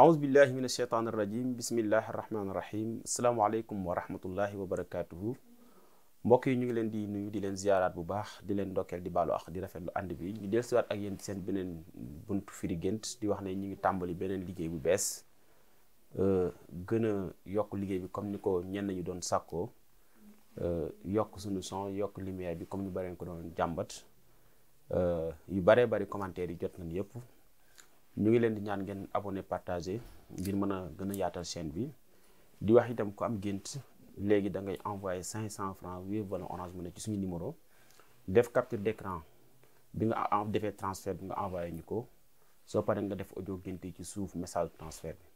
aousubillahi min asheytaan irrajim bismillahi arrahmani irrahim asalaamaaleykum wa rahmatullahi wa barakatuhu mbokk yi ñu ngi leen di nuyu di leen ziyaaraat bu baax di leen ndokkeel di baalu ak di rafetlu ànd bi ñu dellusiwaat ak yéen seen beneen buntu firi gént di wax ne ñu ngi tàmbali beneen liggéey bu bees euh, gën a yokk liggéey bi comme ni ko ñenn ñu doon sàkkoo euh, yokk suñu son yokk lumière bi comme ñu bareen ko doon jàmbat euh, yu baree bari commentaire yi jot nañ yëpp ñu ngi leen di ñaan ngeen abonné partagé ngir mën a gën a yaatal chaîne bi di wax itam ko am gént léegi da ngay envoyé 500 francs Wave wala Orange ne ci suñu numéro def capture d'écran bi nga am defee transfert bi nga envoyé ñu ko soo paree nga def audio gént yi ci suuf message transfert bi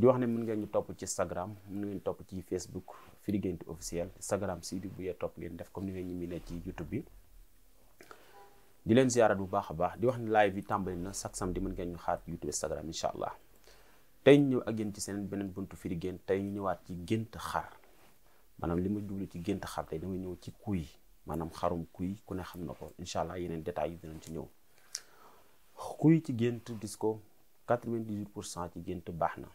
di wax ne mën ngeen ñu topp ci Instagram mën ngeen topp ci Facebook Firi Guent officiel Instagram si di bu yee topp ngeen def comme ni ngeen ñu mënee ci YouTube bi. di leen ziarat bu baax a baax di wax ni live yi tàmbali na chaque samedi mën ngeen ñu xaar YouTube Instagram incha allah tey ñu ñëw ak yéen ci seen beneen buntu firi génn tey ñu ñëwaat ci gént xar maanaam li ma jublu ci gént xar tey damay ñëw ci kuy maanaam xarum kuy ku ne xam na ko incha allah yeneen détails yi dinañ ci ñëw kuy ci gént gis ko 98 pour cent ci gént baax na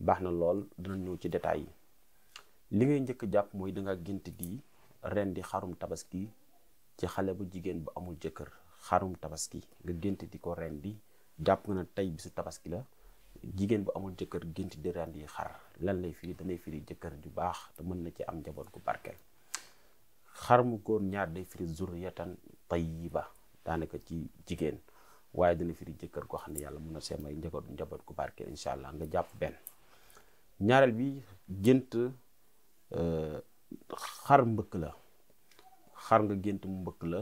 baax na lool dina ñëw ci détails yi li ngay njëkk jàpp mooy danga gént di ren di xarum tabaski ci xale bu jigéen bu amul jëkkër xarum tabaski nga gént di ko rendi jàpp nga ne tey bisu tabaski la jigéen bu amul jëkkër gént di rendi xar lan lay firi danay firi jëkkër ju baax te mën na ci am njaboot gu barkeel xar mu góor ñaar day firi zurriyatan tayyiba daanaka ci jigéen waaye dana firi jëkkër koo xam ne yàlla mun na see may njaboot njaboot gu barkeel incha allah nga jàpp benn ñaareel bi gént euh, xar mbëkk la xar nga gént mu mbëkk la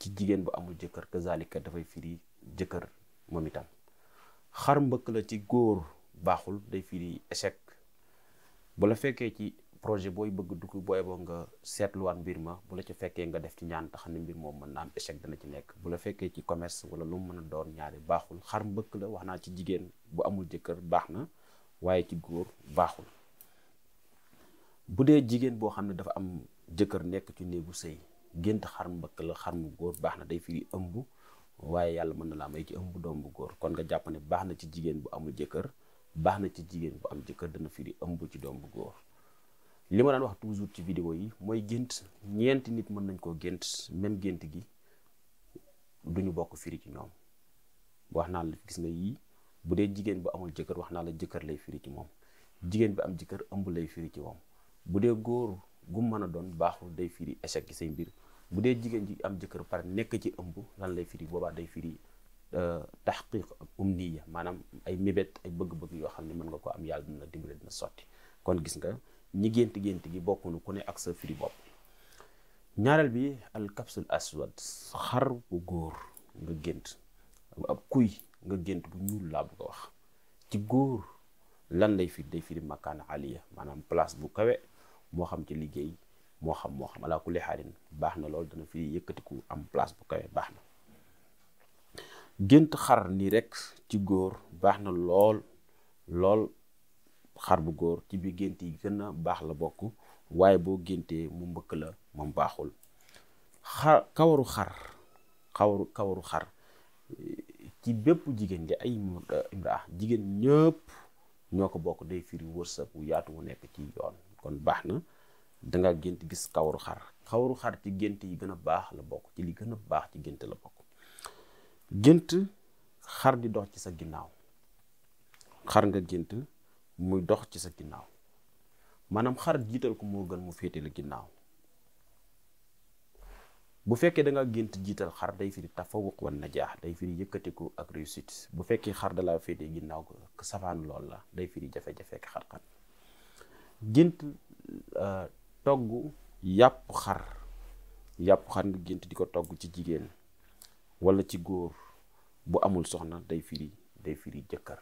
ci jigéen bu amul jëkkër kazalika dafay firi jëkkër moom itam xar mbëkk la ci góor baaxul day firi échec bu la fekkee ci projet booy bëgg dugg booy boo nga seetluwaat mbir ma bu la ci fekkee nga def ci ñaan te xam ne mbir moom mën naa am échec dana ci nekk bu la fekkee ci commerce wala lu mu mën a doon ñaari baaxul xar mbëkk la wax naa ci jigéen bu amul jëkkër baax na waaye ci góor baaxul bu dee jigéen boo xam ne jëkkër nekk ci néegu sëy gént xarm mbëkk la mu góor baax na day firi ëmb waaye yàlla mën na laa may ci ëmb doom bu góor kon nga jàpp ne baax na ci jigéen bu amul jëkkër baax na ci jigéen bu am jëkkër dana firi ëmb ci doom bu góor li ma daan wax toujours ci vidéo yi mooy gént ñeenti nit mën nañ koo gént même gént gi duñu bokk firi ci ñoom wax naa la gis nga yii bu dee jigéen bu amul jëkkër wax naa la jëkkër lay firi ci moom jigéen bi am jëkkër ëmb lay firi ci moom bu dee gu mën a doon baaxul day firi échec ci say mbir bu dee jigéen ji am jëkkër pare nekk ci ëmb lan lay firi boobaa day firi euh, taxqiq ak umniya maanaam ay mébét ay bëgg-bëgg yoo xam ne mën nga ko am yàlla dina dimbale dina sotti kon gis nga ñi gént gént gi bokkunu ku ne ak sa firi bopp ñaareel bi al kapsul aswad xar bu góor nga gént ab kuy nga gént bu ñuul laa bu ko wax ci góor lan lay firi day firi makkaan aliya maanaam place bu kawe moo xam ci liggéey moo xam moo xam alaa kulli xaalin baax na loolu dana fi yëkkatiku am place bu kawe baax na gént xar nii rekk ci góor baax na lool lool xar bu góor ci biir gént yi gën a baax la bokk waaye boo géntee mu mbëkk la moom baaxul xar kawaru xar kawaru xar ci bépp jigéen di ay jigéen ñépp ñoo ko bokk day firi wërsëg wu yaatu wu nekk ci yoon kon baax na danga gént gis kawaru xar kawaru xar ci gént yi gën baax la bokk ci li gën a baax ci gént la bokk gént xar di dox ci sa ginnaaw xar nga gént muy dox ci sa ginnaaw maanaam xar jiital ko moo gën mu féete la ginnaaw bu fekkee da nga gént jiital xar day firi tafawuq wan najaax day firi yëkkatiku ak réussite bu fekkee xar da laa féetee ginnaaw ko safaan lool la day firi jafe-jafe ak xar-xar gént euh, togg yàpp xar yàpp xar nga gént di ko togg ci jigéen wala ci góor bu amul soxna day firi day firi jëkkër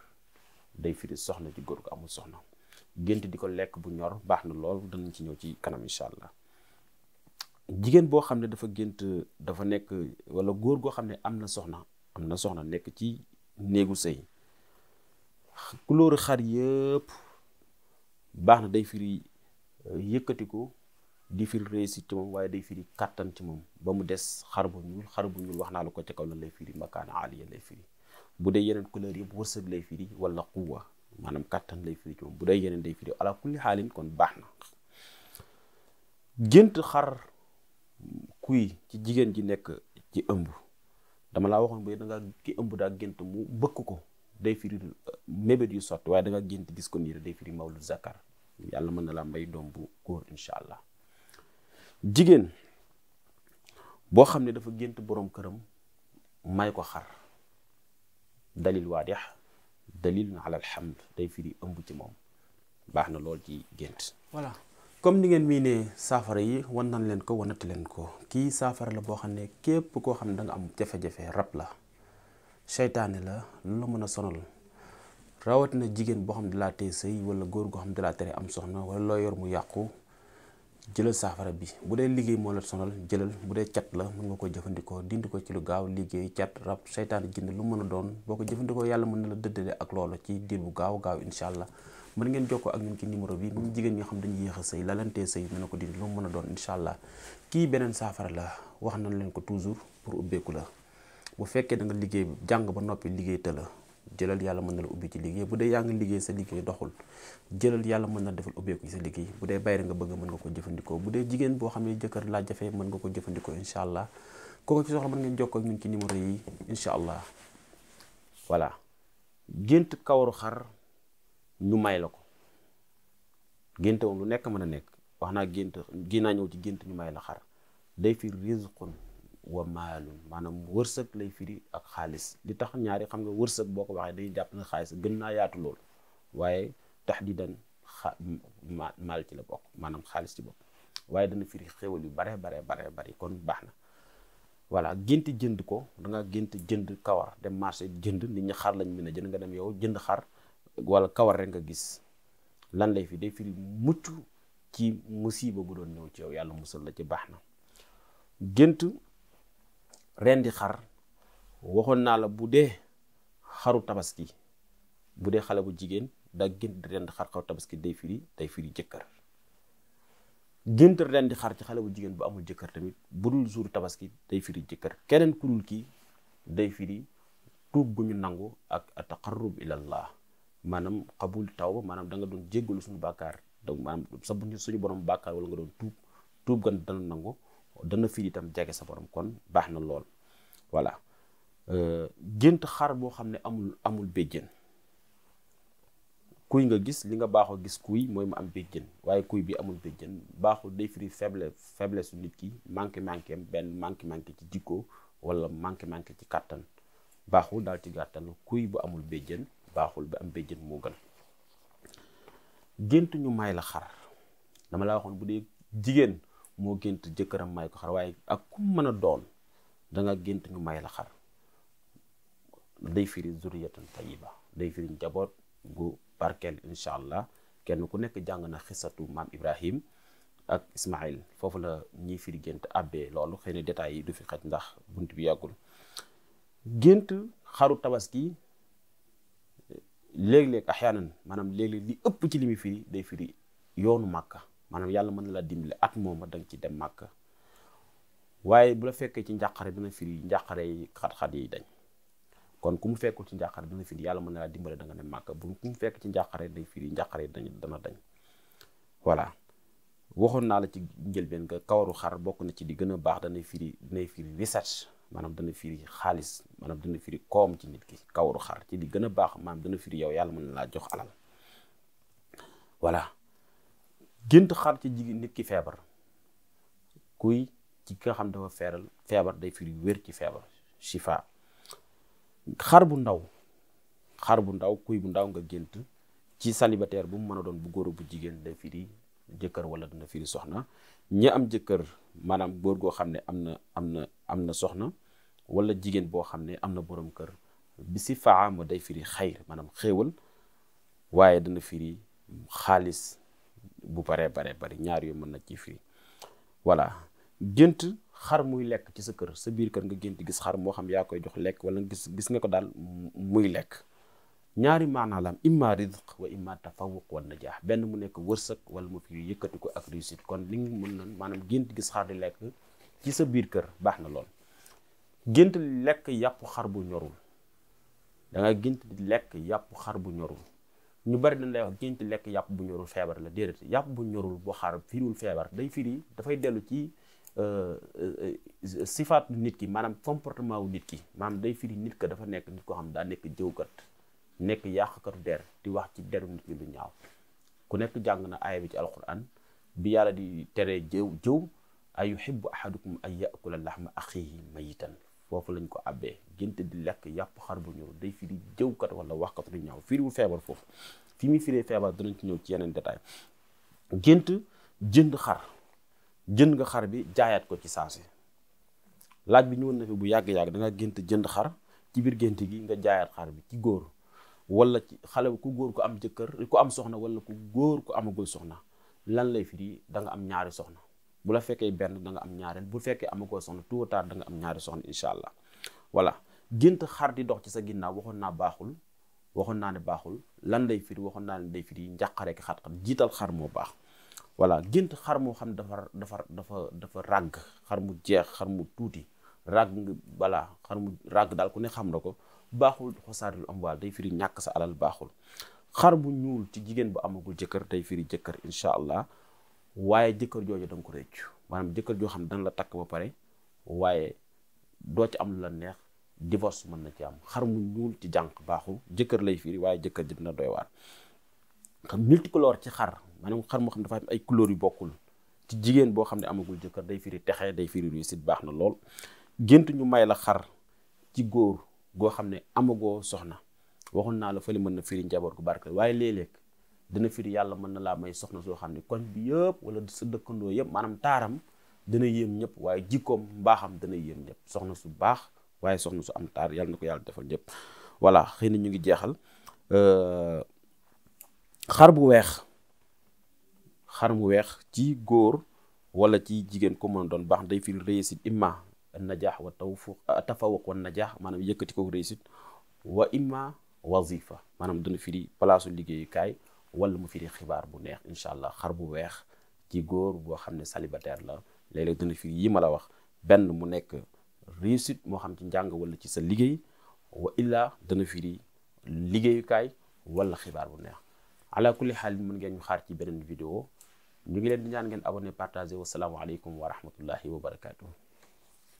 day firi soxna ci góor gu amul soxna gént di ko lekk bu ñor baax na lool danañ ci ñëw ci kanam incha allah jigéen boo xam ne dafa gént dafa nekk wala góor goo xam ne am na soxna am na soxna nekk ci néegu sëy couleur xar yëpp baax na day firi euh, yëkkatiku di firi réussite ci waaye day firi kattan ci moom ba mu des xar bu ñuul xar bu wax naa la ko ca kaw lan lay firi makaana aliya lay firi bu dee yeneen couleur yëpp wërsëg lay firi wala quwa maanaam kàttan lay firi ci bu day yeneen day firi ala kulli xaalin kon baax na gént xar kuy ci jigéen ji nekk ci ëmb dama laa waxoon ba da nga ki ëmb da gént mu bëkk ko day firi euh, mébét yu sotti waaye da gént gis ko nii day firi mawlud zakar yàlla mën na laa may doom bu góor incha allah jigéen boo xam ne dafa gént boroom këram may ko xar dalil waadex dalil na alal hamd day firi ëmb ci moom baax na lool ci gént voilà comme ni ngeen mii ne saafara yi wan nañ leen ko wanati leen ko kii saafara la boo xam ne képp koo xam ne danga nga am jafe-jafe rab la seytaane la lu la mën a sonal na jigéen boo xam ne dalaa tey sëy wala góor goo xam ne dalaa tere am soxna wala loo yor mu yàqu jëlal saafara bi bu dee liggéey moo la sonal jëlal bu dee cat la mën nga ko jëfandikoo dindi ko ci lu gaaw liggéey cat rab seytaane jinn lu mën a doon boo ko jëfandikoo yàlla mën na la dëddale ak loolu ci diir bu gaaw gaaw incha allah mën ngeen jox jokkoo ak ñun ci numéro bi même jigéen ñi xam dañuy yéex a sëy la leen tee sëy na ko dindi lu mën a doon incha allah kii beneen saafara la wax nañ leen ko toujours pour ubbeeku la bu fekkee da nga liggéey jàng ba noppi liggéey te la jëlal yàlla mën na la ubbi ci liggéey bu dee yaa ngi liggéey sa liggéey doxul jëlal yàlla mën na defal ubbeeku ci sa liggéey bu dee bayre nga bëgg mën nga ko jëfandikoo bu dee jigéen boo xam ne jëkkër laa jafe mën nga ko jëfandikoo incha allah ko ci soxla mën ngeen jokkoo ak ñun ci numéro yi incha allah voilà gént kawaru xar ñu may la ko génte moom lu nekk mën a nekk wax naa gént gén naa ñëw ci gént ñu may la xar day fi rizqun wa maalun maanaam wërsëg lay firi ak xaalis li tax ñaari xam nga wërsëg boo ko waxee day jàpp na xaalis gën naa yaatu lool waaye taxdidan xa maal ci la bokk maanaam xaalis ci bopp waaye dana firi xéwal yu bare bare bare bari kon baax na voilà gént jënd ko danga nga jënd kawar dem marché jënd nit ñi xar lañ mën a jënd nga dem yow jënd xar wala kawar rek nga gis lan lay fii day firi mucc ci musiba bu doon ci yow yàlla musal la ci baax na gént rendi xar waxoon naa la bu dee xaru tabaski bu dee xale bu jigéen daa gént rendi xar xaru tabaski day firi day firi jëkkër gént rendi xar ci xale bu jigéen bu amul jëkkër tamit bu dul jour tabaski day firi jëkkër keneen ku dul kii day firi tuub gu ñu nangu ak ataqarrub ilallah maanaam xabul taw maanaam da nga doon jéggalu suñu bàkkaar donc maanaam sa buñu suñu borom bàkkaar wala nga doon tuub tuub gan dana nangu dana firi itam jege sa borom kon baax na lool voilà euh, gént xar boo xam ne amul amul béjjën kuy nga gis li nga baaxoo gis kuy mooy mu am béjjën waaye kuy bi amul béjjën baaxul day firi faible faiblesse su nit ki manqué manqué benn manqué manqué ci jikko wala manqué manqué ci kàttan baaxul daal ci gàttal kuy bu amul béjjën baaxul bi am béjjën moo gën gént ñu may la xar dama laa waxoon bu dee jigéen moo gént jëkkëram may ko xar waaye ak ku mën a doon da nga gént ñu may la xar day firi zuriyatan tayiba day firi njaboot gu barkeel incha allah kenn ku nekk jàng na xisatu maam Ibrahim ak Ismail foofu la ñiy firi gént abbee loolu xëy na détails yi du fi xaj ndax bunt bi yàggul gént xaru tabaski léeg-léeg axyaanan maanaam léeg-léeg li ëpp ci li muy firi day firi yoonu makka maanaam yàlla mën na laa dimbale at mooma da nga ci dem màkk waaye bu la fekkee ci njàqare dana firi njàqare yi xat-xat yi dañ kon ku mu fekkul ci njàqare dana firi yàlla mën na la dimbale da dem màkk bu ku mu fekk ci njàqare day firi njàqare yi dañ dana waxoon naa la ci njëlbeen nga kawaru xar bokk na ci di gën a baax danay firi danay firi research maanaam dana firi xaalis maanaam dana firi koom ci nit ki kawaru xar ci di gën a baax maanaam dana firi yàlla mën na laa jox alal voilà gént xar ci jigéen nit ki feebar kuy ci ki nga xam dafa feeral feebar day firi wér ci feebar shifa xar bu ndaw xar bu ndaw kuy bu ndaw nga gént ci célibataire bu mu mën a doon bu góor bu jigéen day firi jëkkër wala dina firi soxna ñi am jëkkër maanaam góor goo xam ne am na am na am na soxna wala jigéen boo xam ne am na borom kër bi si faama day firi xayr maanaam xéewal waaye dana firi xaalis bu baree baree bari ñaar yu mën na ci firi voilà gént xar muy lekk ci sa kër sa biir kër nga gént gis xar moo xam yaa koy jox lekk wala gis gis nga ko daal muy lekk ñaari maanaa la am imma rizq wa imma tafawuq wa najaax benn mu nekk wërsëg wala mu fi yëkkati ko ak réussite kon li nga mën noon maanaam gént gis xar di lekk ci sa biir kër baax na lool gént lekk yàpp xar bu ñorul da gént di lekk yàpp xar bu ñorul ñu bari dañ lay wax gént lekk yàpp bu ñorul feebar la déedéet yàpp bu ñorul boo xaar firiwul feebar day firi dafay dellu ci euh, euh, sifaat nit ki maanaam comportement wu nit ki maanaam day firi nit ka dafa nekk nit koo xam daa nekk jëwkat nekk yàqkatu der di wax ci deru nit ñi lu ñaaw ku nekk jàng na aaya ci alquran bi yàlla di tere jëw jëw ay yuhibbu ahadukum an yakula lahma axihi mayitan foofu lañ ko abbee gént di lekk yàpp xar bu ñëw day firi jëwkat wala waxkat lu ñaaw firiwul feebar foofu fi muy firee feebar danañ ci ñëw ci yeneen détail gént jënd xar jënd nga xar bi jaayaat ko ci saasi laaj bi ñëwoon na fi bu yàgg-yàgg da nga gént jënd xar ci biir gént gi nga jaayaat xar bi ci góor walla ci xale ku góor ko am jëkkër ku am soxna wala ku góor ku amagul soxna lan lay firi da nga am ñaari soxna bu la fekkee benn danga am ñaareel bu fekkee amagoo soxna tôt ou tard da nga am ñaari soxna incha allah voilà gént xar di dox ci sa ginnaaw waxoon naa baaxul waxoon naa ne baaxul lan lay firi waxoon naa ne day firi njàqareek xat-xat jiital xar moo baax voilà gént xar moo xam dafa dafa dafa dafa ràgg xar mu jeex xar mu tuuti ràgg voilà xar mu ràgg daal ku ne xam na ko baaxul xosaaril am waal day firi ñàkk sa alal baaxul xar bu ñuul ci jigéen bu amagul jëkkër day firi jëkkër incha allah waaye jëkkër jooju da nga ko réccu maanaam jëkkër joo xam dana la takk ba pare waaye doo ci am lu la neex divorce mën na ci am xar mu ñuul ci jànq baaxul jëkkër lay fiir waaye jëkkër ji dina doy waar xam multicolore ci xar maanaam xar moo xam dafa am ay couleur yu bokkul ci jigéen boo xam ne amagul jëkkër day firi texe day firi réussite baax na lool gént ñu may la xar ci góor goo xam ne amagoo soxna waxoon naa la fële mën na firi njaboot gu barke waaye léeg dana firi yàlla mën na laa may soxna soo xam ne koñ bi yëpp wala sa dëkkandoo yëpp maanaam taaram dina yéem ñëpp waaye jikkoom mbaaxam dina yéem ñëpp soxna su baax waaye soxna su am taar yàlla na ko yàlla defal ñëpp voilà xëy na ñu ngi jeexal euh, xar bu weex xar mu weex ci góor wala ci jigéen ko mën doon baax day firi réussite imma najaax wa tawfuq tafawuq wa najaax maanaam yëkkati ko réussite wa imma wazifa maanaam dina firi palaasu liggéeyukaay wala mu firi xibaar bu neex incha allah xar bu weex ci góor boo xam ne célibataire la léeg-léeg dana firi yi ma la wax benn mu nekk réussite moo xam ci njàng wala ci sa liggéey wa illa dana firi liggéeyukaay wala xibaar bu neex ala kulli xaal mun ngeen ñu xaar ci beneen vidéo ñu ngi leen di ñaan ngeen abonné partagé wasalaamualeykum wa rahmatullahi wa barakaatu.